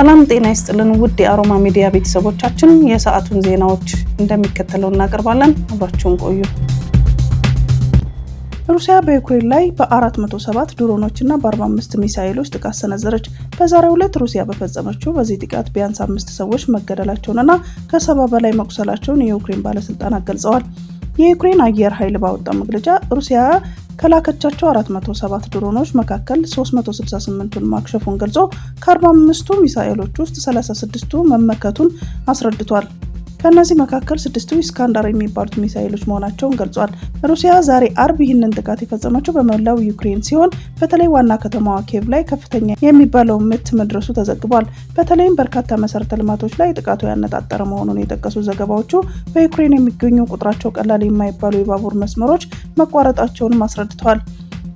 ሰላም ጤና ይስጥልን ውድ የአሮማ ሚዲያ ቤተሰቦቻችን፣ የሰዓቱን ዜናዎች እንደሚከተለው እናቀርባለን። አብራችሁን ቆዩ። ሩሲያ በዩክሬን ላይ በ407 ድሮኖች እና በ45 ሚሳይሎች ጥቃት ሰነዘረች። በዛሬው ዕለት ሩሲያ በፈጸመችው በዚህ ጥቃት ቢያንስ አምስት ሰዎች መገደላቸውንና ከሰባ በላይ መቁሰላቸውን የዩክሬን ባለስልጣናት ገልጸዋል። የዩክሬን አየር ኃይል ባወጣው መግለጫ ሩሲያ ከላከቻቸው 407 ድሮኖች መካከል 368ቱን ማክሸፉን ገልጾ ከ45ቱ ሚሳኤሎች ውስጥ 36ቱ መመከቱን አስረድቷል። ከእነዚህ መካከል ስድስቱ ኢስካንዳር የሚባሉት ሚሳይሎች መሆናቸውን ገልጿል። ሩሲያ ዛሬ አርብ ይህንን ጥቃት የፈጸመችው በመላው ዩክሬን ሲሆን በተለይ ዋና ከተማዋ ኬቭ ላይ ከፍተኛ የሚባለው ምት መድረሱ ተዘግቧል። በተለይም በርካታ መሰረተ ልማቶች ላይ ጥቃቱ ያነጣጠረ መሆኑን የጠቀሱ ዘገባዎቹ በዩክሬን የሚገኙ ቁጥራቸው ቀላል የማይባሉ የባቡር መስመሮች መቋረጣቸውንም አስረድተዋል።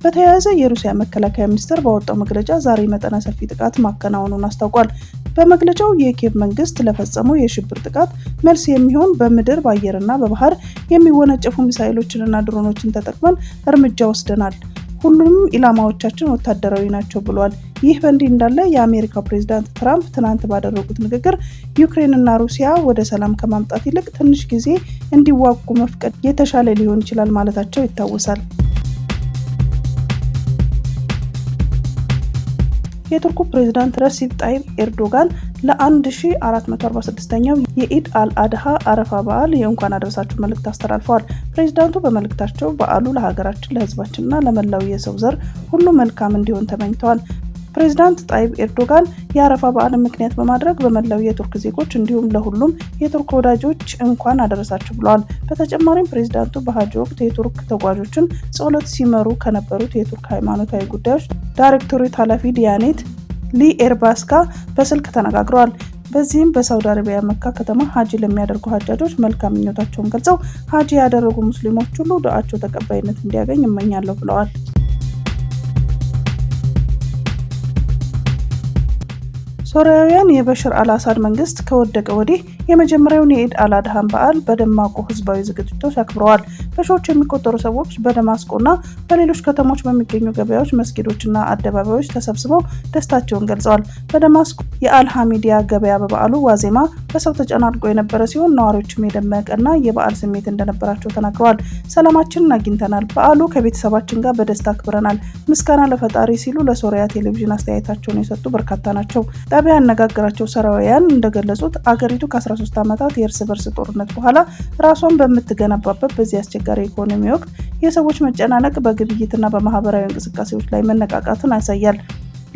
በተያያዘ የሩሲያ መከላከያ ሚኒስቴር ባወጣው መግለጫ ዛሬ መጠነ ሰፊ ጥቃት ማከናወኑን አስታውቋል። በመግለጫው የኬቭ መንግስት ለፈጸመው የሽብር ጥቃት መልስ የሚሆን በምድር በአየርና በባህር የሚወነጨፉ ሚሳይሎችንና ድሮኖችን ተጠቅመን እርምጃ ወስደናል። ሁሉም ኢላማዎቻችን ወታደራዊ ናቸው ብሏል። ይህ በእንዲህ እንዳለ የአሜሪካው ፕሬዚዳንት ትራምፕ ትናንት ባደረጉት ንግግር ዩክሬንና ሩሲያ ወደ ሰላም ከማምጣት ይልቅ ትንሽ ጊዜ እንዲዋጉ መፍቀድ የተሻለ ሊሆን ይችላል ማለታቸው ይታወሳል። የቱርኩ ፕሬዚዳንት ረሲብ ጣይብ ኤርዶጋን ለ1446ኛው የኢድ አልአድሃ አረፋ በዓል የእንኳን አደረሳችሁ መልእክት አስተላልፈዋል። ፕሬዚዳንቱ በመልእክታቸው በዓሉ ለሀገራችን፣ ለህዝባችንና ለመላው የሰው ዘር ሁሉ መልካም እንዲሆን ተመኝተዋል። ፕሬዚዳንት ጣይብ ኤርዶጋን የአረፋ በዓል ምክንያት በማድረግ በመላው የቱርክ ዜጎች እንዲሁም ለሁሉም የቱርክ ወዳጆች እንኳን አደረሳችሁ ብለዋል። በተጨማሪም ፕሬዚዳንቱ በሀጅ ወቅት የቱርክ ተጓዦችን ጸሎት ሲመሩ ከነበሩት የቱርክ ሃይማኖታዊ ጉዳዮች ዳይሬክቶሬት ኃላፊ ዲያኔት ሊኤርባስካ በስልክ ተነጋግረዋል። በዚህም በሳውዲ አረቢያ መካ ከተማ ሀጂ ለሚያደርጉ ሀጃጆች መልካም ምኞታቸውን ገልጸው ሀጂ ያደረጉ ሙስሊሞች ሁሉ ዱዓቸው ተቀባይነት እንዲያገኝ እመኛለሁ ብለዋል። ሶሪያውያን የበሽር አልአሳድ መንግስት ከወደቀ ወዲህ የመጀመሪያውን የኢድ አልአድሃን በዓል በደማቁ ህዝባዊ ዝግጅቶች አክብረዋል። በሺዎች የሚቆጠሩ ሰዎች በደማስቆና በሌሎች ከተሞች በሚገኙ ገበያዎች፣ መስጊዶችና አደባባዮች ተሰብስበው ደስታቸውን ገልጸዋል። በደማስቆ የአልሃሚዲያ ገበያ በበዓሉ ዋዜማ በሰው ተጨናንቆ የነበረ ሲሆን ነዋሪዎችም የደመቀና የበዓል ስሜት እንደነበራቸው ተናግረዋል። ሰላማችንን አግኝተናል፣ በዓሉ ከቤተሰባችን ጋር በደስታ አክብረናል፣ ምስጋና ለፈጣሪ ሲሉ ለሶሪያ ቴሌቪዥን አስተያየታቸውን የሰጡ በርካታ ናቸው። ጣቢያ ያነጋገራቸው ሰራውያን እንደገለጹት አገሪቱ ከ13 ዓመታት የእርስ በርስ ጦርነት በኋላ ራሷን በምትገነባበት በዚህ አስቸጋሪ ኢኮኖሚ ወቅት የሰዎች መጨናነቅ በግብይትና በማህበራዊ እንቅስቃሴዎች ላይ መነቃቃትን ያሳያል።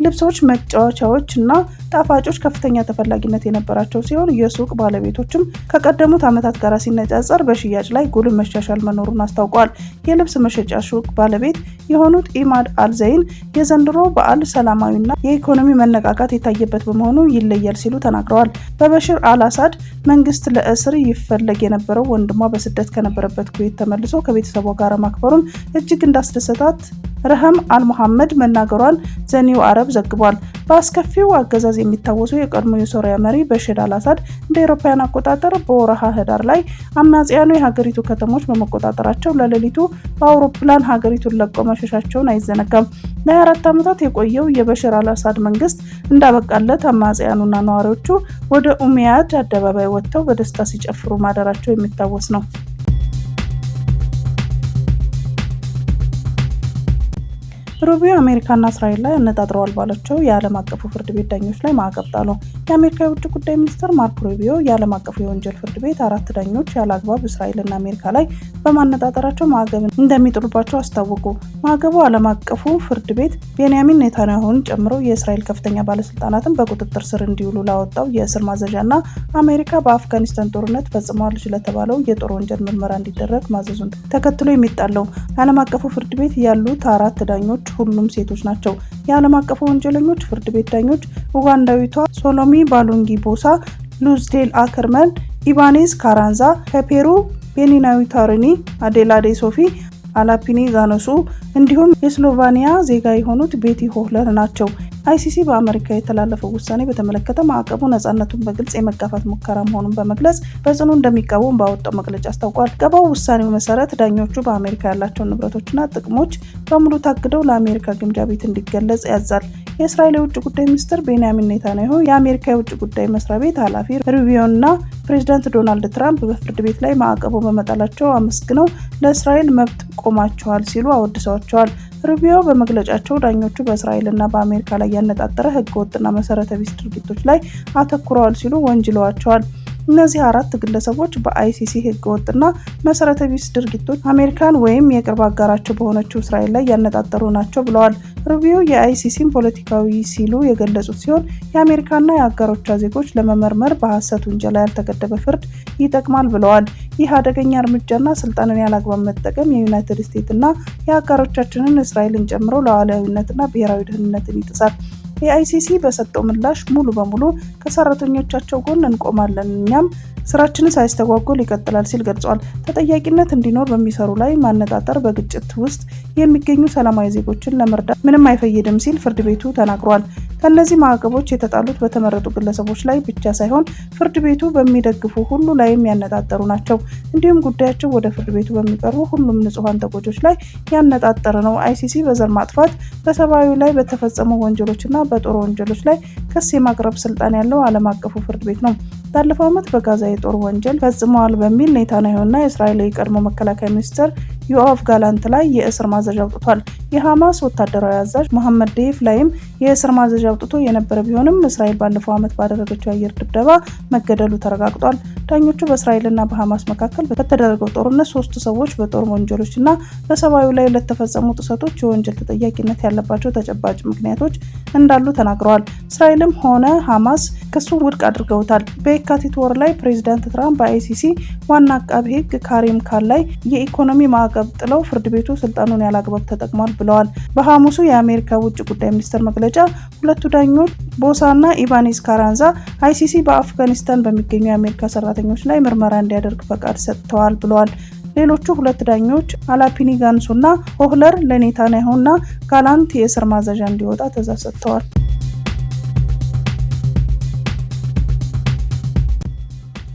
ልብሶች፣ መጫወቻዎች እና ጣፋጮች ከፍተኛ ተፈላጊነት የነበራቸው ሲሆን የሱቅ ባለቤቶችም ከቀደሙት ዓመታት ጋር ሲነጻጸር በሽያጭ ላይ ጉልህ መሻሻል መኖሩን አስታውቋል። የልብስ መሸጫ ሱቅ ባለቤት የሆኑት ኢማድ አልዘይን የዘንድሮ በዓል ሰላማዊና የኢኮኖሚ መነቃቃት የታየበት በመሆኑ ይለያል ሲሉ ተናግረዋል። በበሽር አልአሳድ መንግስት ለእስር ይፈለግ የነበረው ወንድሟ በስደት ከነበረበት ኩዌት ተመልሶ ከቤተሰቧ ጋር ማክበሩን እጅግ እንዳስደሰታት ረህም አልሙሐመድ መናገሯን ዘኒው አረብ አረብ ዘግቧል። በአስከፊው አገዛዝ የሚታወሱ የቀድሞ የሶሪያ መሪ በሽር አልአሳድ እንደ አውሮፓውያን አቆጣጠር በወረሃ ህዳር ላይ አማጽያኑ የሀገሪቱ ከተሞች በመቆጣጠራቸው ለሌሊቱ በአውሮፕላን ሀገሪቱን ለቀው መሸሻቸውን አይዘነጋም። ለ24 ዓመታት የቆየው የበሽር አልአሳድ መንግስት እንዳበቃለት አማጽያኑና ነዋሪዎቹ ወደ ኡሚያድ አደባባይ ወጥተው በደስታ ሲጨፍሩ ማደራቸው የሚታወስ ነው። ሩቢዮ አሜሪካና እስራኤል ላይ አነጣጥረዋል ባለቸው የዓለም አቀፉ ፍርድ ቤት ዳኞች ላይ ማዕቀብ ጣሉ። የአሜሪካ የውጭ ጉዳይ ሚኒስትር ማርኮ ሩቢዮ የዓለም አቀፉ የወንጀል ፍርድ ቤት አራት ዳኞች ያለ አግባብ እስራኤልና አሜሪካ ላይ በማነጣጠራቸው ማዕቀብ እንደሚጥሉባቸው አስታወቁ። ማዕቀቡ ዓለም አቀፉ ፍርድ ቤት ቤንያሚን ኔታንያሁን ጨምሮ የእስራኤል ከፍተኛ ባለስልጣናትን በቁጥጥር ስር እንዲውሉ ላወጣው የእስር ማዘዣና አሜሪካ በአፍጋኒስታን ጦርነት ፈጽመዋል ስለተባለው የጦር ወንጀል ምርመራ እንዲደረግ ማዘዙን ተከትሎ የሚጣለው ዓለም አቀፉ ፍርድ ቤት ያሉት አራት ዳኞች ሁሉም ሴቶች ናቸው። የዓለም አቀፍ ወንጀለኞች ፍርድ ቤት ዳኞች ኡጋንዳዊቷ ሶሎሚ ባሉንጊ ቦሳ፣ ሉዝዴል አከርመን፣ ኢባኔዝ ካራንዛ ከፔሩ ቤኒናዊቷ ሪኒ አዴላዴ ሶፊ አላፒኒ ጋነሱ እንዲሁም የስሎቫኒያ ዜጋ የሆኑት ቤቲ ሆለር ናቸው። አይሲሲ በአሜሪካ የተላለፈው ውሳኔ በተመለከተ ማዕቀቡ ነፃነቱን በግልጽ የመጋፋት ሙከራ መሆኑን በመግለጽ በጽኑ እንደሚቃወም ባወጣው መግለጫ አስታውቋል። ገባው ውሳኔው መሰረት ዳኞቹ በአሜሪካ ያላቸውን ንብረቶችና ጥቅሞች በሙሉ ታግደው ለአሜሪካ ግምጃ ቤት እንዲገለጽ ያዛል። የእስራኤል የውጭ ጉዳይ ሚኒስትር ቤንያሚን ኔታንያሁ፣ የአሜሪካ የውጭ ጉዳይ መስሪያ ቤት ኃላፊ ሩቢዮና ፕሬዚዳንት ዶናልድ ትራምፕ በፍርድ ቤት ላይ ማዕቀቡ በመጣላቸው አመስግነው ለእስራኤል መብት ቆማቸዋል ሲሉ አወድሰዋቸዋል። ሩቢዮ በመግለጫቸው ዳኞቹ በእስራኤልና በአሜሪካ ላይ ያነጣጠረ ህገወጥና መሰረተ ቢስ ድርጊቶች ላይ አተኩረዋል ሲሉ ወንጅለዋቸዋል። እነዚህ አራት ግለሰቦች በአይሲሲ ህገወጥና መሰረተ ቢስ ድርጊቶች አሜሪካን ወይም የቅርብ አጋራቸው በሆነችው እስራኤል ላይ ያነጣጠሩ ናቸው ብለዋል። ሩቢዮ የአይሲሲን ፖለቲካዊ ሲሉ የገለጹት ሲሆን የአሜሪካና የአጋሮቿ ዜጎች ለመመርመር በሐሰት ውንጀላ ያልተገደበ ፍርድ ይጠቅማል ብለዋል። ይህ አደገኛ እርምጃና ስልጣንን ያላግባብ መጠቀም የዩናይትድ ስቴትስና የአጋሮቻችንን እስራኤልን ጨምሮ ለዋላዊነትና ብሔራዊ ደህንነትን ይጥሳል። የአይሲሲ በሰጠው ምላሽ ሙሉ በሙሉ ከሰራተኞቻቸው ጎን እንቆማለን፣ እኛም ስራችንን ሳይስተጓጎል ይቀጥላል ሲል ገልጿል። ተጠያቂነት እንዲኖር በሚሰሩ ላይ ማነጣጠር በግጭት ውስጥ የሚገኙ ሰላማዊ ዜጎችን ለመርዳት ምንም አይፈይድም ሲል ፍርድ ቤቱ ተናግሯል። ከእነዚህ ማዕቀቦች የተጣሉት በተመረጡ ግለሰቦች ላይ ብቻ ሳይሆን ፍርድ ቤቱ በሚደግፉ ሁሉ ላይም ያነጣጠሩ ናቸው። እንዲሁም ጉዳያቸው ወደ ፍርድ ቤቱ በሚቀርቡ ሁሉም ንጹሐን ተጎጆች ላይ ያነጣጠረ ነው። አይሲሲ በዘር ማጥፋት፣ በሰብአዊ ላይ በተፈጸሙ ወንጀሎችና በጦር ወንጀሎች ላይ ክስ የማቅረብ ስልጣን ያለው ዓለም አቀፉ ፍርድ ቤት ነው። ባለፈው ዓመት በጋዛ የጦር ወንጀል ፈጽመዋል በሚል ኔታንያሁና የእስራኤል የቀድሞ መከላከያ ሚኒስትር ዮአፍ ጋላንት ላይ የእስር ማዘዣ አውጥቷል። የሐማስ ወታደራዊ አዛዥ መሐመድ ደይፍ ላይም የእስር ማዘዣ አውጥቶ የነበረ ቢሆንም እስራኤል ባለፈው ዓመት ባደረገችው የአየር ድብደባ መገደሉ ተረጋግጧል። ዳኞቹ በእስራኤልና በሐማስ መካከል በተደረገው ጦርነት ሶስት ሰዎች በጦር ወንጀሎች እና በሰብአዊ ላይ ለተፈጸሙ ጥሰቶች የወንጀል ተጠያቂነት ያለባቸው ተጨባጭ ምክንያቶች እንዳሉ ተናግረዋል። እስራኤልም ሆነ ሐማስ ክሱን ውድቅ አድርገውታል። በየካቲት ወር ላይ ፕሬዚዳንት ትራምፕ በአይሲሲ ዋና አቃቢ ሕግ ካሪም ካን ላይ የኢኮኖሚ ማዕቀብ ጥለው ፍርድ ቤቱ ስልጣኑን ያላግባብ ተጠቅሟል ብለዋል። በሐሙሱ የአሜሪካ ውጭ ጉዳይ ሚኒስትር መግለጫ ሁለቱ ዳኞች ቦሳ እና ኢቫኒስ ካራንዛ አይሲሲ በአፍጋኒስታን በሚገኙ የአሜሪካ ሰራተኞች ላይ ምርመራ እንዲያደርግ ፈቃድ ሰጥተዋል ብለዋል። ሌሎቹ ሁለት ዳኞች አላፒኒ ሆህለር ለኔታንያሁ እና ጋላንት የእስር ማዘዣ እንዲወጣ ትእዛዝ ሰጥተዋል።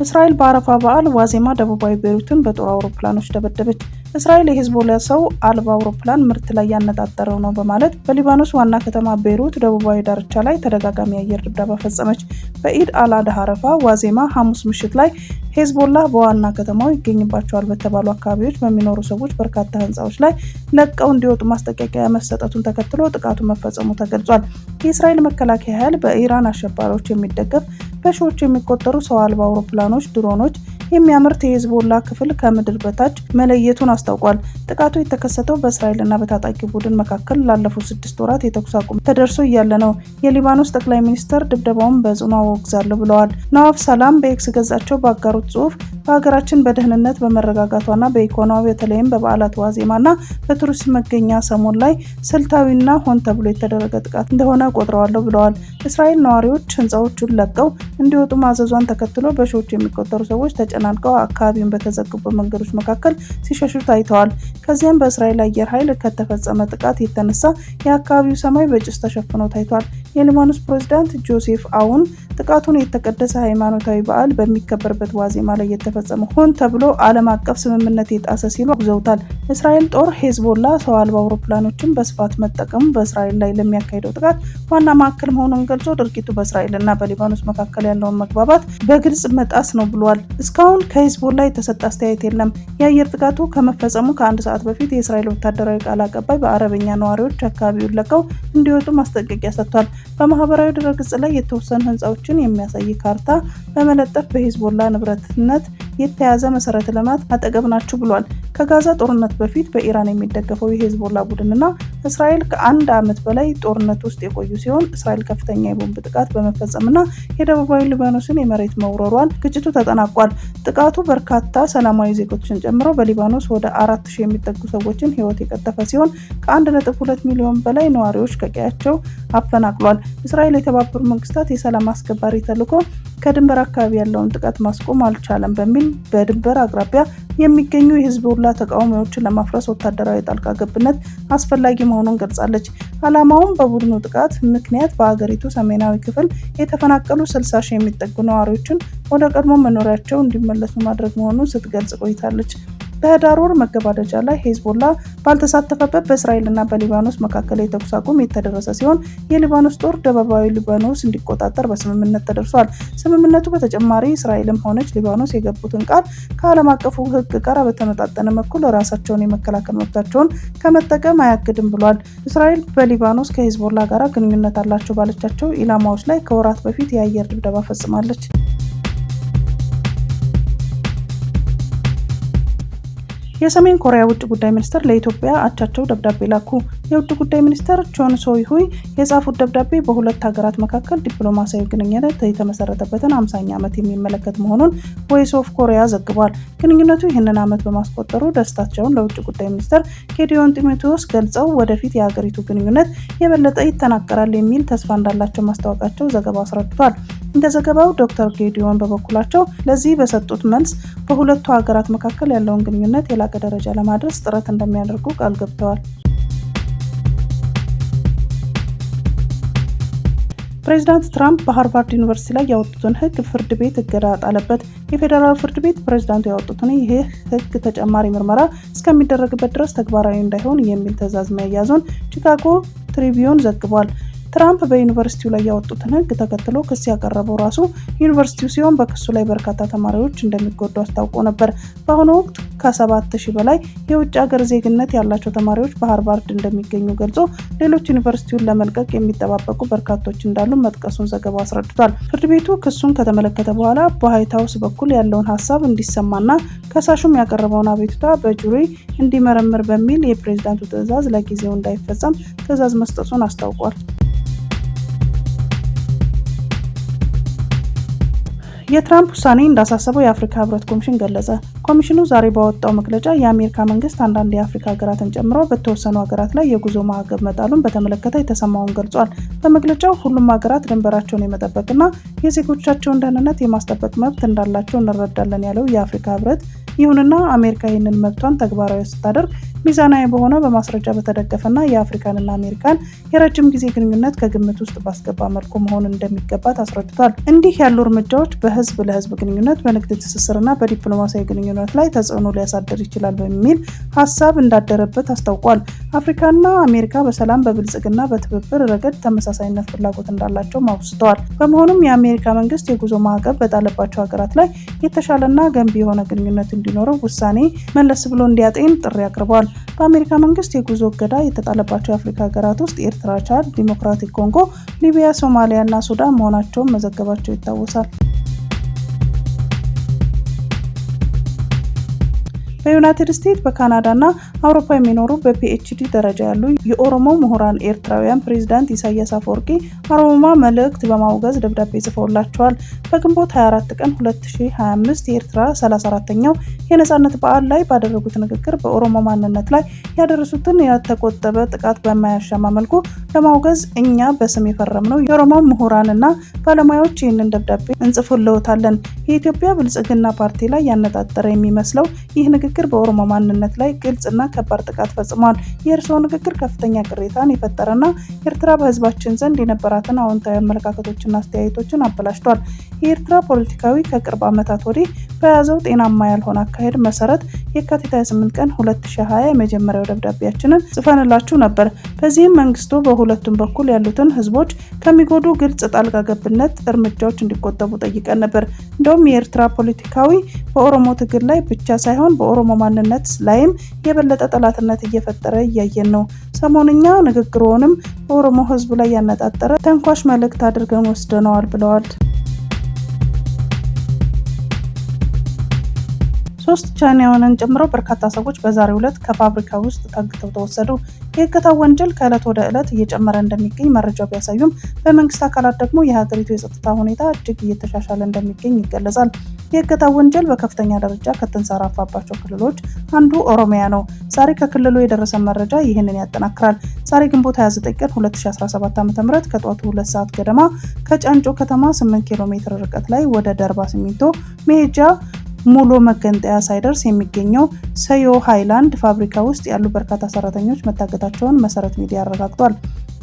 እስራኤል በአረፋ በዓል ዋዜማ ደቡባዊ ቤሩትን በጦር አውሮፕላኖች ደበደበች። እስራኤል የሂዝቦላ ሰው አልባ አውሮፕላን ምርት ላይ ያነጣጠረው ነው በማለት በሊባኖስ ዋና ከተማ ቤይሩት ደቡባዊ ዳርቻ ላይ ተደጋጋሚ የአየር ድብደባ ፈጸመች። በኢድ አል አድሃ አረፋ ዋዜማ ሐሙስ ምሽት ላይ ሄዝቦላ በዋና ከተማው ይገኝባቸዋል በተባሉ አካባቢዎች በሚኖሩ ሰዎች በርካታ ህንፃዎች ላይ ለቀው እንዲወጡ ማስጠንቀቂያ መሰጠቱን ተከትሎ ጥቃቱ መፈጸሙ ተገልጿል። የእስራኤል መከላከያ ኃይል በኢራን አሸባሪዎች የሚደገፍ በሺዎች የሚቆጠሩ ሰው አልባ አውሮፕላኖች፣ ድሮኖች የሚያመርት የሄዝቦላ ክፍል ከምድር በታች መለየቱን አስታውቋል። ጥቃቱ የተከሰተው በእስራኤልና በታጣቂ ቡድን መካከል ላለፉት ስድስት ወራት የተኩስ አቁም ተደርሶ እያለ ነው። የሊባኖስ ጠቅላይ ሚኒስትር ድብደባውን በጽኑ አወግዛለሁ ብለዋል። ነዋፍ ሰላም በኤክስ ገጻቸው ባጋሩ ባወጡት ጽሁፍ በሀገራችን በደህንነት በመረጋጋቷና በኢኮኖሚ በተለይም በበዓላት ዋዜማና በቱሪስት መገኛ ሰሞን ላይ ስልታዊና ሆን ተብሎ የተደረገ ጥቃት እንደሆነ ቆጥረዋለሁ ብለዋል። እስራኤል ነዋሪዎች ህንፃዎቹን ለቀው እንዲወጡ ማዘዟን ተከትሎ በሺዎች የሚቆጠሩ ሰዎች ተጨናንቀው አካባቢውን በተዘጉበት መንገዶች መካከል ሲሸሹ ታይተዋል። ከዚያም በእስራኤል አየር ኃይል ከተፈጸመ ጥቃት የተነሳ የአካባቢው ሰማይ በጭስ ተሸፍኖ ታይቷል። የሊባኖስ ፕሬዝዳንት ጆሴፍ አውን ጥቃቱን የተቀደሰ ሃይማኖታዊ በዓል በሚከበርበት ዋዜማ ላይ የተፈጸመ ሆን ተብሎ ዓለም አቀፍ ስምምነት የጣሰ ሲሉ አውግዘውታል። እስራኤል ጦር ሄዝቦላ ሰው አልባ አውሮፕላኖችን በስፋት መጠቀሙ በእስራኤል ላይ ለሚያካሄደው ጥቃት ዋና ማዕከል መሆኑን ገልጾ ድርጊቱ በእስራኤል እና በሊባኖስ መካከል ያለውን መግባባት በግልጽ መጣስ ነው ብሏል። እስካሁን ከሄዝቦላ የተሰጠ አስተያየት የለም። የአየር ጥቃቱ ከመፈጸሙ ከአንድ ሰዓት በፊት የእስራኤል ወታደራዊ ቃል አቀባይ በአረበኛ ነዋሪዎች አካባቢውን ለቀው እንዲወጡ ማስጠንቀቂያ ሰጥቷል። በማህበራዊ ድረገጽ ላይ የተወሰኑ ህንፃዎችን የሚያሳይ ካርታ በመለጠፍ በሂዝቦላ ንብረትነት የተያዘ መሰረተ ልማት አጠገብ ናችሁ ብሏል። ከጋዛ ጦርነት በፊት በኢራን የሚደገፈው የሂዝቦላ ቡድንና እስራኤል ከአንድ ዓመት በላይ ጦርነት ውስጥ የቆዩ ሲሆን እስራኤል ከፍተኛ የቦምብ ጥቃት በመፈጸምና የደቡባዊ ሊባኖስን የመሬት መውረሯን ግጭቱ ተጠናቋል። ጥቃቱ በርካታ ሰላማዊ ዜጎችን ጨምሮ በሊባኖስ ወደ አራት ሺህ የሚጠጉ ሰዎችን ህይወት የቀጠፈ ሲሆን ነጥብ ሁለት ሚሊዮን በላይ ነዋሪዎች ከቀያቸው አፈናቅሏል። ተናግረዋል። እስራኤል የተባበሩት መንግስታት የሰላም አስከባሪ ተልዕኮ ከድንበር አካባቢ ያለውን ጥቃት ማስቆም አልቻለም በሚል በድንበር አቅራቢያ የሚገኙ የሂዝቡላ ተቃዋሚዎችን ለማፍረስ ወታደራዊ ጣልቃ ገብነት አስፈላጊ መሆኑን ገልጻለች። ዓላማውም በቡድኑ ጥቃት ምክንያት በሀገሪቱ ሰሜናዊ ክፍል የተፈናቀሉ 60 ሺህ የሚጠጉ ነዋሪዎችን ወደ ቀድሞ መኖሪያቸው እንዲመለሱ ማድረግ መሆኑን ስትገልጽ ቆይታለች። በህዳር ወር መገባደጃ ላይ ሄዝቦላ ባልተሳተፈበት በእስራኤልና በሊባኖስ መካከል የተኩስ አቁም የተደረሰ ሲሆን የሊባኖስ ጦር ደቡባዊ ሊባኖስ እንዲቆጣጠር በስምምነት ተደርሷል። ስምምነቱ በተጨማሪ እስራኤልም ሆነች ሊባኖስ የገቡትን ቃል ከዓለም አቀፉ ህግ ጋር በተመጣጠነ መኩል ራሳቸውን የመከላከል መብታቸውን ከመጠቀም አያግድም ብሏል። እስራኤል በሊባኖስ ከሄዝቦላ ጋር ግንኙነት አላቸው ባለቻቸው ኢላማዎች ላይ ከወራት በፊት የአየር ድብደባ ፈጽማለች። የሰሜን ኮሪያ ውጭ ጉዳይ ሚኒስትር ለኢትዮጵያ አቻቸው ደብዳቤ ላኩ። የውጭ ጉዳይ ሚኒስትር ቾን ሶይሁይ የጻፉት ደብዳቤ በሁለት ሀገራት መካከል ዲፕሎማሲያዊ ግንኙነት የተመሰረተበትን አምሳኛ ዓመት የሚመለከት መሆኑን ቮይስ ኦፍ ኮሪያ ዘግቧል። ግንኙነቱ ይህንን ዓመት በማስቆጠሩ ደስታቸውን ለውጭ ጉዳይ ሚኒስትር ጌዲዮን ጢሞቴዎስ ገልጸው ወደፊት የሀገሪቱ ግንኙነት የበለጠ ይጠናከራል የሚል ተስፋ እንዳላቸው ማስታወቃቸው ዘገባ አስረድቷል። እንደዘገባው ዶክተር ጌዲዮን በበኩላቸው ለዚህ በሰጡት መልስ በሁለቱ ሀገራት መካከል ያለውን ግንኙነት የላቀ ደረጃ ለማድረስ ጥረት እንደሚያደርጉ ቃል ገብተዋል። ፕሬዚዳንት ትራምፕ በሃርቫርድ ዩኒቨርሲቲ ላይ ያወጡትን ህግ ፍርድ ቤት እገዳ ጣለበት። የፌዴራል ፍርድ ቤት ፕሬዚዳንቱ ያወጡትን ይህ ህግ ተጨማሪ ምርመራ እስከሚደረግበት ድረስ ተግባራዊ እንዳይሆን የሚል ትዕዛዝ መያዙን ቺካጎ ትሪቢዩን ዘግቧል። ትራምፕ በዩኒቨርሲቲው ላይ ያወጡትን ህግ ተከትሎ ክስ ያቀረበው ራሱ ዩኒቨርሲቲው ሲሆን በክሱ ላይ በርካታ ተማሪዎች እንደሚጎዱ አስታውቆ ነበር። በአሁኑ ወቅት ከሰባት ሺህ በላይ የውጭ ሀገር ዜግነት ያላቸው ተማሪዎች በሃርቫርድ እንደሚገኙ ገልጾ ሌሎች ዩኒቨርሲቲውን ለመልቀቅ የሚጠባበቁ በርካቶች እንዳሉ መጥቀሱን ዘገባው አስረድቷል። ፍርድ ቤቱ ክሱን ከተመለከተ በኋላ በዋይት ሀውስ በኩል ያለውን ሀሳብ እንዲሰማና ከሳሹም ያቀረበውን አቤቱታ በጁሪ እንዲመረምር በሚል የፕሬዚዳንቱ ትዕዛዝ ለጊዜው እንዳይፈጸም ትዕዛዝ መስጠቱን አስታውቋል። የትራምፕ ውሳኔ እንዳሳሰበው የአፍሪካ ህብረት ኮሚሽን ገለጸ። ኮሚሽኑ ዛሬ ባወጣው መግለጫ የአሜሪካ መንግስት አንዳንድ የአፍሪካ ሀገራትን ጨምሮ በተወሰኑ ሀገራት ላይ የጉዞ ማዕቀብ መጣሉን በተመለከተ የተሰማውን ገልጿል። በመግለጫው ሁሉም ሀገራት ድንበራቸውን የመጠበቅና የዜጎቻቸውን ደህንነት የማስጠበቅ መብት እንዳላቸው እንረዳለን ያለው የአፍሪካ ህብረት፣ ይሁንና አሜሪካ ይህንን መብቷን ተግባራዊ ስታደርግ ሚዛናዊ በሆነ በማስረጃ በተደገፈና የአፍሪካንና አሜሪካን የረጅም ጊዜ ግንኙነት ከግምት ውስጥ ባስገባ መልኩ መሆን እንደሚገባ አስረድቷል። እንዲህ ያሉ እርምጃዎች በህዝብ ለህዝብ ግንኙነት፣ በንግድ ትስስርና በዲፕሎማሲያዊ ግንኙነት ላይ ተጽዕኖ ሊያሳድር ይችላል በሚል ሀሳብ እንዳደረበት አስታውቋል። አፍሪካና አሜሪካ በሰላም በብልጽግና በትብብር ረገድ ተመሳሳይነት ፍላጎት እንዳላቸውም አውስተዋል። በመሆኑም የአሜሪካ መንግስት የጉዞ ማዕቀብ በጣለባቸው ሀገራት ላይ የተሻለና ገንቢ የሆነ ግንኙነት እንዲኖረው ውሳኔ መለስ ብሎ እንዲያጤን ጥሪ አቅርቧል። በአሜሪካ መንግስት የጉዞ እገዳ የተጣለባቸው የአፍሪካ ሀገራት ውስጥ ኤርትራ፣ ቻድ፣ ዲሞክራቲክ ኮንጎ፣ ሊቢያ፣ ሶማሊያ እና ሱዳን መሆናቸውን መዘገባቸው ይታወሳል። በዩናይትድ ስቴትስ በካናዳና አውሮፓ የሚኖሩ በፒኤችዲ ደረጃ ያሉ የኦሮሞ ምሁራን ኤርትራውያን ፕሬዚዳንት ኢሳያስ አፈወርቂ አሮማ መልእክት በማውገዝ ደብዳቤ ጽፈውላቸዋል። በግንቦት 24 ቀን 2025 የኤርትራ 34ኛው የነጻነት በዓል ላይ ባደረጉት ንግግር በኦሮሞ ማንነት ላይ ያደረሱትን ያልተቆጠበ ጥቃት በማያሻማ መልኩ ለማውገዝ እኛ በስም የፈረምነው የኦሮሞ ምሁራንና ባለሙያዎች ይህንን ደብዳቤ እንጽፉልዎታለን። የኢትዮጵያ ብልጽግና ፓርቲ ላይ ያነጣጠረ የሚመስለው ይህ ንግግር ንግግር በኦሮሞ ማንነት ላይ ግልጽ እና ከባድ ጥቃት ፈጽሟል። የእርስዎ ንግግር ከፍተኛ ቅሬታን የፈጠረና ኤርትራ በህዝባችን ዘንድ የነበራትን አዎንታዊ አመለካከቶችና አስተያየቶችን አበላሽቷል። የኤርትራ ፖለቲካዊ ከቅርብ ዓመታት ወዲህ በያዘው ጤናማ ያልሆነ አካሄድ መሰረት የካቲት 28 ቀን 2020 የመጀመሪያው ደብዳቤያችንን ጽፈንላችሁ ነበር። በዚህም መንግስቱ በሁለቱም በኩል ያሉትን ህዝቦች ከሚጎዱ ግልጽ ጣልቃ ገብነት እርምጃዎች እንዲቆጠቡ ጠይቀን ነበር። እንደውም የኤርትራ ፖለቲካዊ በኦሮሞ ትግል ላይ ብቻ ሳይሆን በኦሮሞ ማንነት ላይም የበለጠ ጠላትነት እየፈጠረ እያየን ነው። ሰሞንኛ ንግግሮውንም በኦሮሞ ህዝብ ላይ ያነጣጠረ ተንኳሽ መልእክት አድርገን ወስደነዋል ብለዋል። ሶስት ቻይናውያንን ጨምሮ በርካታ ሰዎች በዛሬው ዕለት ከፋብሪካ ውስጥ ታግተው ተወሰዱ። የእገታው ወንጀል ከዕለት ወደ ዕለት እየጨመረ እንደሚገኝ መረጃው ቢያሳዩም በመንግስት አካላት ደግሞ የሀገሪቱ የጸጥታ ሁኔታ እጅግ እየተሻሻለ እንደሚገኝ ይገለጻል። የእገታ ወንጀል በከፍተኛ ደረጃ ከተንሰራፋባቸው ክልሎች አንዱ ኦሮሚያ ነው። ዛሬ ከክልሉ የደረሰ መረጃ ይህንን ያጠናክራል። ዛሬ ግንቦት 29 ቀን 2017 ዓ ም ከጠዋቱ ሁለት ሰዓት ገደማ ከጫንጮ ከተማ 8 ኪሎ ሜትር ርቀት ላይ ወደ ደርባ ሲሚንቶ መሄጃ ሙሉ መገንጠያ ሳይደርስ የሚገኘው ሰዮ ሃይላንድ ፋብሪካ ውስጥ ያሉ በርካታ ሰራተኞች መታገታቸውን መሰረት ሚዲያ አረጋግጧል።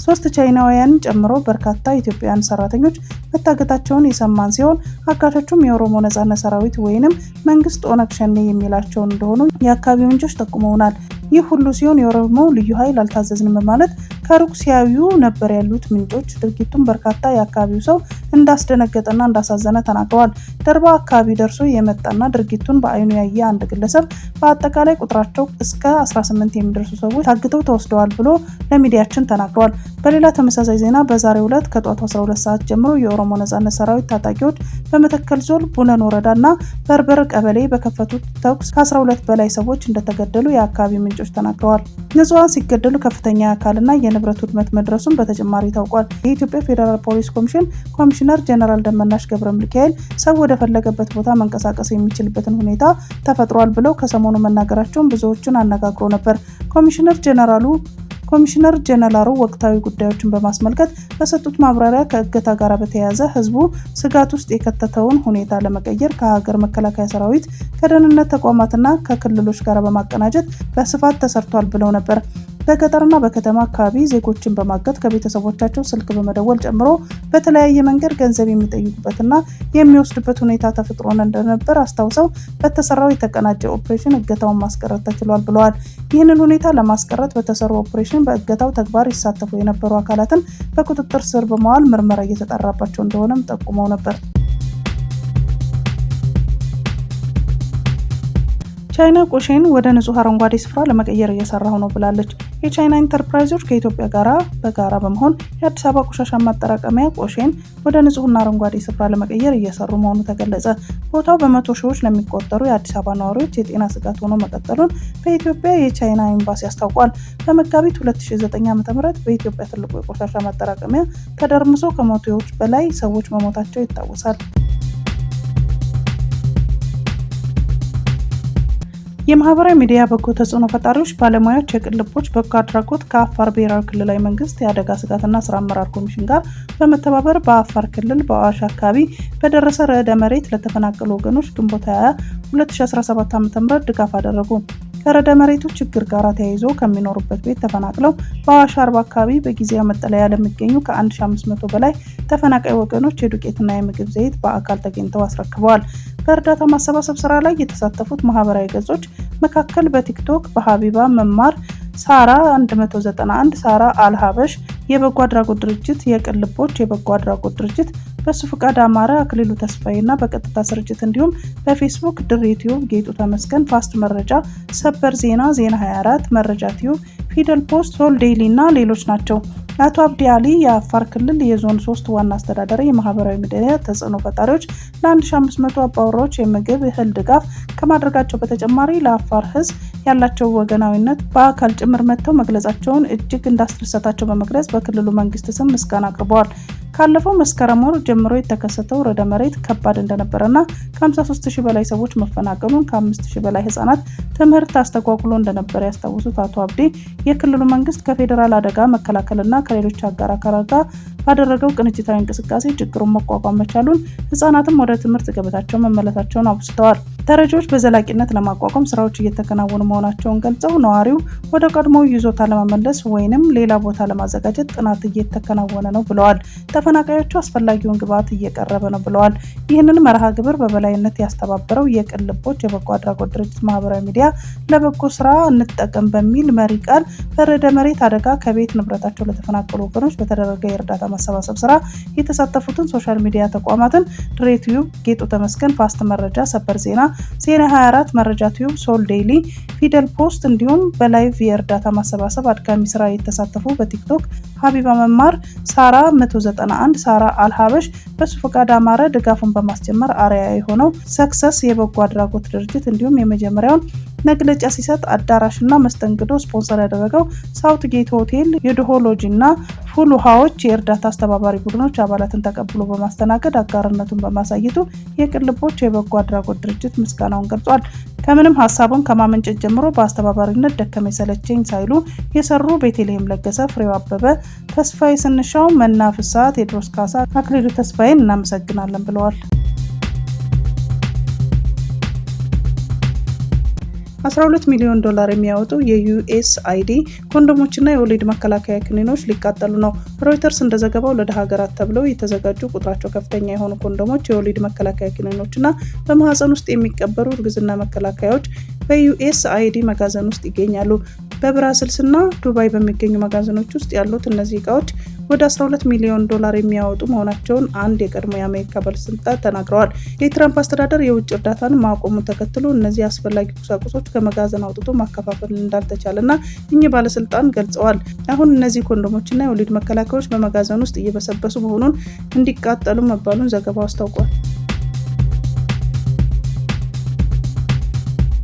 ሶስት ቻይናውያን ጨምሮ በርካታ ኢትዮጵያውያን ሰራተኞች መታገታቸውን የሰማን ሲሆን አጋቾቹም የኦሮሞ ነጻነት ሰራዊት ወይንም መንግስት ኦነግ ሸኔ የሚላቸውን እንደሆኑ የአካባቢው ምንጮች ጠቁመውናል። ይህ ሁሉ ሲሆን የኦሮሞ ልዩ ኃይል አልታዘዝንም በማለት ከሩቅ ሲያዩ ነበር ያሉት ምንጮች ድርጊቱን በርካታ የአካባቢው ሰው እንዳስደነገጠና እንዳሳዘነ ተናግረዋል። ደርባ አካባቢ ደርሶ የመጣና ድርጊቱን በአይኑ ያየ አንድ ግለሰብ በአጠቃላይ ቁጥራቸው እስከ 18 የሚደርሱ ሰዎች ታግተው ተወስደዋል ብሎ ለሚዲያችን ተናግረዋል። በሌላ ተመሳሳይ ዜና በዛሬው ዕለት ከጧቱ 12 ሰዓት ጀምሮ የኦሮሞ ነጻነት ሰራዊት ታጣቂዎች በመተከል ዞን ወረዳ ወረዳና በርበር ቀበሌ በከፈቱት ተኩስ ከ12 በላይ ሰዎች እንደተገደሉ የአካባቢ ምንጮች ምንጮች ተናግረዋል። ንጹሐን ሲገደሉ ከፍተኛ የአካልና የንብረት ውድመት መድረሱን በተጨማሪ ታውቋል። የኢትዮጵያ ፌዴራል ፖሊስ ኮሚሽን ኮሚሽነር ጀነራል ደመናሽ ገብረ ሚካኤል ሰው ወደፈለገበት ቦታ መንቀሳቀስ የሚችልበትን ሁኔታ ተፈጥሯል ብለው ከሰሞኑ መናገራቸውን ብዙዎቹን አነጋግሮ ነበር። ኮሚሽነር ጀነራሉ ኮሚሽነር ጀነራሉ ወቅታዊ ጉዳዮችን በማስመልከት በሰጡት ማብራሪያ ከእገታ ጋር በተያያዘ ህዝቡ ስጋት ውስጥ የከተተውን ሁኔታ ለመቀየር ከሀገር መከላከያ ሰራዊት ከደህንነት ተቋማትና ከክልሎች ጋር በማቀናጀት በስፋት ተሰርቷል ብለው ነበር። በገጠርና በከተማ አካባቢ ዜጎችን በማገት ከቤተሰቦቻቸው ስልክ በመደወል ጨምሮ በተለያየ መንገድ ገንዘብ የሚጠይቁበትና የሚወስዱበት ሁኔታ ተፈጥሮ እንደነበር አስታውሰው በተሰራው የተቀናጀ ኦፕሬሽን እገታውን ማስቀረት ተችሏል ብለዋል። ይህንን ሁኔታ ለማስቀረት በተሰሩ ኦፕሬሽን በእገታው ተግባር ይሳተፉ የነበሩ አካላትን በቁጥጥር ስር በመዋል ምርመራ እየተጣራባቸው እንደሆነም ጠቁመው ነበር። ቻይና ቆሼን ወደ ንጹህ አረንጓዴ ስፍራ ለመቀየር እየሰራሁ ነው ብላለች። የቻይና ኢንተርፕራይዞች ከኢትዮጵያ ጋራ በጋራ በመሆን የአዲስ አበባ ቆሻሻ ማጠራቀሚያ ቆሼን ወደ ንጹህና አረንጓዴ ስፍራ ለመቀየር እየሰሩ መሆኑ ተገለጸ። ቦታው በመቶ ሺዎች ለሚቆጠሩ የአዲስ አበባ ነዋሪዎች የጤና ስጋት ሆኖ መቀጠሉን በኢትዮጵያ የቻይና ኤምባሲ አስታውቋል። በመጋቢት 2009 ዓ.ም በኢትዮጵያ ትልቁ የቆሻሻ ማጠራቀሚያ ተደርምሶ ከመቶዎች በላይ ሰዎች መሞታቸው ይታወሳል። የማህበራዊ ሚዲያ በጎ ተጽዕኖ ፈጣሪዎች፣ ባለሙያዎች፣ የቅን ልቦች በጎ አድራጎት ከአፋር ብሔራዊ ክልላዊ መንግስት የአደጋ ስጋትና ስራ አመራር ኮሚሽን ጋር በመተባበር በአፋር ክልል በአዋሽ አካባቢ በደረሰ ርዕደ መሬት ለተፈናቀሉ ወገኖች ግንቦት 20 2017 ም ድጋፍ አደረጉ። ከረደ መሬቱ ችግር ጋር ተያይዞ ከሚኖሩበት ቤት ተፈናቅለው በአዋሽ አርባ አካባቢ በጊዜያዊ መጠለያ ለሚገኙ ከ1500 በላይ ተፈናቃይ ወገኖች የዱቄትና የምግብ ዘይት በአካል ተገኝተው አስረክበዋል። በእርዳታ ማሰባሰብ ስራ ላይ የተሳተፉት ማህበራዊ ገጾች መካከል በቲክቶክ በሀቢባ መማር ሳራ 191 ሳራ አልሀበሽ የበጎ አድራጎት ድርጅት የቅልቦች ልቦች የበጎ አድራጎት ድርጅት በሱ ፍቃድ አማረ፣ አክሊሉ ተስፋዬና በቀጥታ ስርጭት እንዲሁም በፌስቡክ ድሬ ቲዩብ፣ ጌጡ ተመስገን፣ ፋስት መረጃ፣ ሰበር ዜና፣ ዜና 24፣ መረጃ ቲዩብ፣ ፊደል ፖስት፣ ሶል ዴይሊ እና ሌሎች ናቸው። አቶ አብዲ አሊ የአፋር ክልል የዞን ሶስት ዋና አስተዳዳሪ የማህበራዊ ሚዲያ ተጽዕኖ ፈጣሪዎች ለ1500 አባወራዎች የምግብ እህል ድጋፍ ከማድረጋቸው በተጨማሪ ለአፋር ህዝብ ያላቸው ወገናዊነት በአካል ጭምር መጥተው መግለጻቸውን እጅግ እንዳስደሰታቸው በመግለጽ በክልሉ መንግስት ስም ምስጋና አቅርበዋል። ካለፈው መስከረም ወር ጀምሮ የተከሰተው ርዕደ መሬት ከባድ እንደነበረና ከ53 ሺህ በላይ ሰዎች መፈናቀሉን ከ5 ሺህ በላይ ህጻናት ትምህርት አስተጓጉሎ እንደነበረ ያስታወሱት አቶ አብዴ የክልሉ መንግስት ከፌዴራል አደጋ መከላከልና ከሌሎች አጋር አካላት ጋር ባደረገው ቅንጅታዊ እንቅስቃሴ ችግሩን መቋቋም መቻሉን ህጻናትም ወደ ትምህርት ገበታቸው መመለሳቸውን አውስተዋል። ተረጂዎች በዘላቂነት ለማቋቋም ስራዎች እየተከናወኑ መሆናቸውን ገልጸው ነዋሪው ወደ ቀድሞው ይዞታ ለመመለስ ወይንም ሌላ ቦታ ለማዘጋጀት ጥናት እየተከናወነ ነው ብለዋል። ለተፈናቃዮቹ አስፈላጊውን ግብዓት እየቀረበ ነው ብለዋል። ይህንን መርሃ ግብር በበላይነት ያስተባበረው የቅን ልቦች የበጎ አድራጎት ድርጅት ማህበራዊ ሚዲያ ለበጎ ስራ እንጠቀም በሚል መሪ ቃል በርዕደ መሬት አደጋ ከቤት ንብረታቸው ለተፈናቀሉ ወገኖች በተደረገ የእርዳታ ማሰባሰብ ስራ የተሳተፉትን ሶሻል ሚዲያ ተቋማትን ድሬ ቲዩብ፣ ጌጡ ተመስገን፣ ፋስት መረጃ፣ ሰበር ዜና፣ ዜና 24፣ መረጃ ቲዩብ፣ ሶል ዴይሊ፣ ፊደል ፖስት እንዲሁም በላይቭ የእርዳታ ማሰባሰብ አድጋሚ ስራ የተሳተፉ በቲክቶክ ሀቢባ መማር፣ ሳራ 190 91 ሳራ አልሀበሽ በሱ ፈቃድ አማረ ድጋፉን በማስጀመር አርያ የሆነው ሰክሰስ የበጎ አድራጎት ድርጅት እንዲሁም የመጀመሪያውን መግለጫ ሲሰጥ አዳራሽና መስተንግዶ ስፖንሰር ያደረገው ሳውት ጌት ሆቴል የድሆሎጂ እና ፉል ውሃዎች የእርዳታ አስተባባሪ ቡድኖች አባላትን ተቀብሎ በማስተናገድ አጋርነቱን በማሳየቱ የቅልቦች የበጎ አድራጎት ድርጅት ምስጋናውን ገልጿል። ከምንም ሀሳቡን ከማመንጨት ጀምሮ በአስተባባሪነት ደከመኝ ሰለቸኝ ሳይሉ የሰሩ ቤተልሔም ለገሰ፣ ፍሬው አበበ፣ ተስፋዬ ስንሻው፣ መናፍሳት ቴድሮስ ካሳ፣ አክሊሉ ተስፋዬን እናመሰግናለን ብለዋል። 12 ሚሊዮን ዶላር የሚያወጡ የዩኤስ አይዲ ኮንዶሞችና የወሊድ መከላከያ ክኒኖች ሊቃጠሉ ነው። ሮይተርስ እንደዘገባው ለደ ሀገራት ተብለው የተዘጋጁ ቁጥራቸው ከፍተኛ የሆኑ ኮንዶሞች፣ የወሊድ መከላከያ ክኒኖችና በማህፀን ውስጥ የሚቀበሩ እርግዝና መከላከያዎች በዩኤስ አይዲ መጋዘን ውስጥ ይገኛሉ። በብራስልስና ዱባይ በሚገኙ መጋዘኖች ውስጥ ያሉት እነዚህ እቃዎች ወደ 12 ሚሊዮን ዶላር የሚያወጡ መሆናቸውን አንድ የቀድሞ የአሜሪካ ባለስልጣን ተናግረዋል። የትራምፕ አስተዳደር የውጭ እርዳታን ማቆሙን ተከትሎ እነዚህ አስፈላጊ ቁሳቁሶች ከመጋዘን አውጥቶ ማከፋፈል እንዳልተቻለና እኚህ ባለስልጣን ገልጸዋል። አሁን እነዚህ ኮንዶሞችና የወሊድ መከላከያዎች በመጋዘን ውስጥ እየበሰበሱ መሆኑን እንዲቃጠሉ መባሉን ዘገባው አስታውቋል።